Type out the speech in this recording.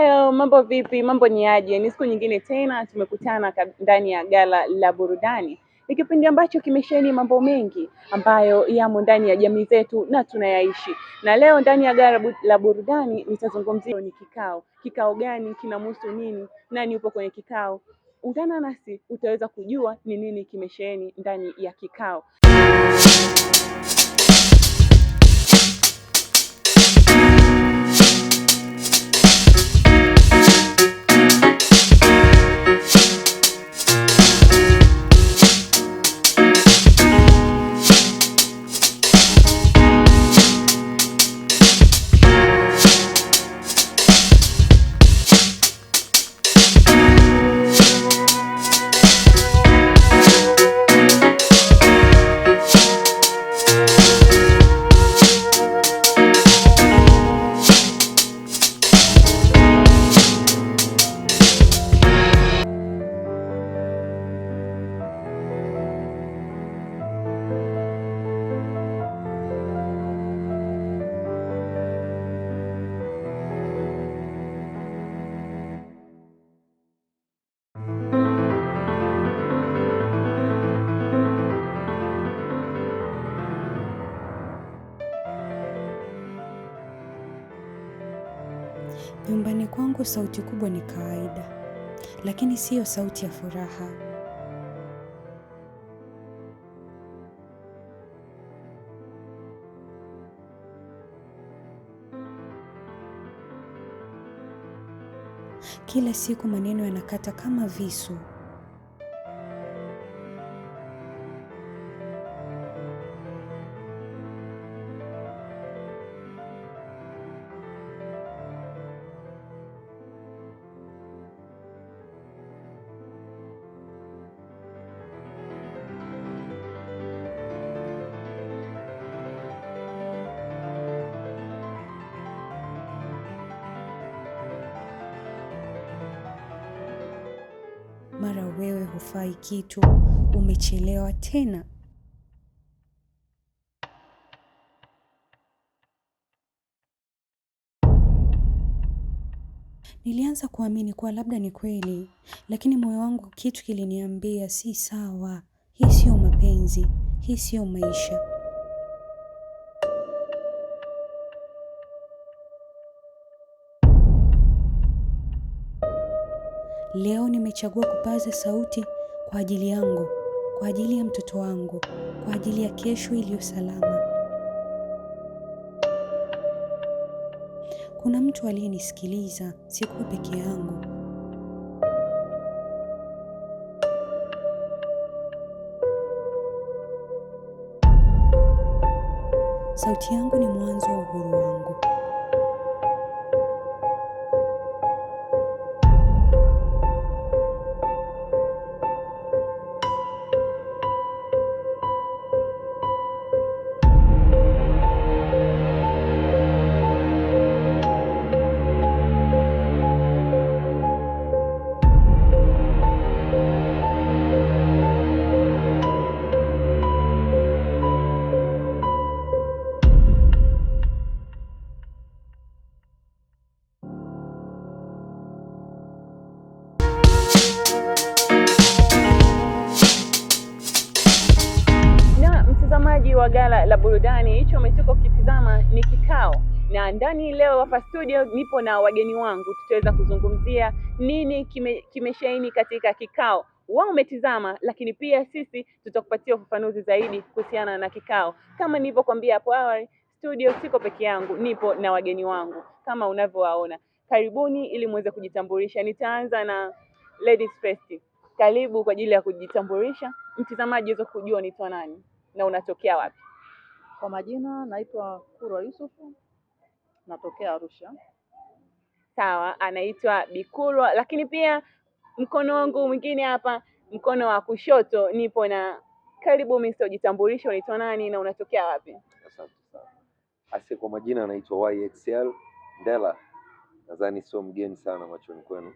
heo mambo vipi? Mambo ni aje? Ni siku nyingine tena tumekutana ndani ya gala la burudani. Ni kipindi ambacho kimesheni mambo mengi ambayo yamo ndani ya jamii zetu na tunayaishi, na leo ndani ya gala la burudani nitazungumzia ni kikao. Kikao gani? Kinamhusu nini? Nani yupo kwenye kikao? Ungana nasi utaweza kujua ni nini kimesheni ndani ya kikao. Nyumbani kwangu sauti kubwa ni kawaida, lakini siyo sauti ya furaha. Kila siku maneno yanakata kama visu. mara wewe hufai kitu, umechelewa tena. Nilianza kuamini kuwa labda ni kweli, lakini moyo wangu kitu kiliniambia si sawa. Hii sio mapenzi, hii sio maisha. Leo nimechagua kupaza sauti kwa ajili yangu, kwa ajili ya mtoto wangu, kwa ajili ya kesho iliyo salama. Kuna mtu aliyenisikiliza, sikuwa peke yangu. Sauti yangu ni mwanzo wa uhuru wangu. wa gala la burudani hicho umetoka ukitizama ni kikao, na ndani leo hapa studio nipo na wageni wangu, tutaweza kuzungumzia nini kimeshaini kime katika kikao wao umetizama, lakini pia sisi tutakupatia ufafanuzi zaidi kuhusiana na kikao. Kama nilivyokuambia hapo awali, studio siko peke yangu, nipo na wageni wangu kama unavyowaona. Karibuni ili muweze kujitambulisha. Nitaanza na ladies first. Karibu kwa ajili ya kujitambulisha, mtizamaji aweze kujua nitwa nani na unatokea wapi? Kwa majina naitwa Kurwa Yusufu, natokea Arusha. Sawa, anaitwa Bikurwa. Lakini pia mkono wangu mwingine hapa, mkono wa kushoto, nipo na karibu Mr. Jitambulisho, unaitwa nani na unatokea wapi? Asante sana. Asi, kwa majina anaitwa YXL Ndela, nadhani sio mgeni sana machoni kwenu.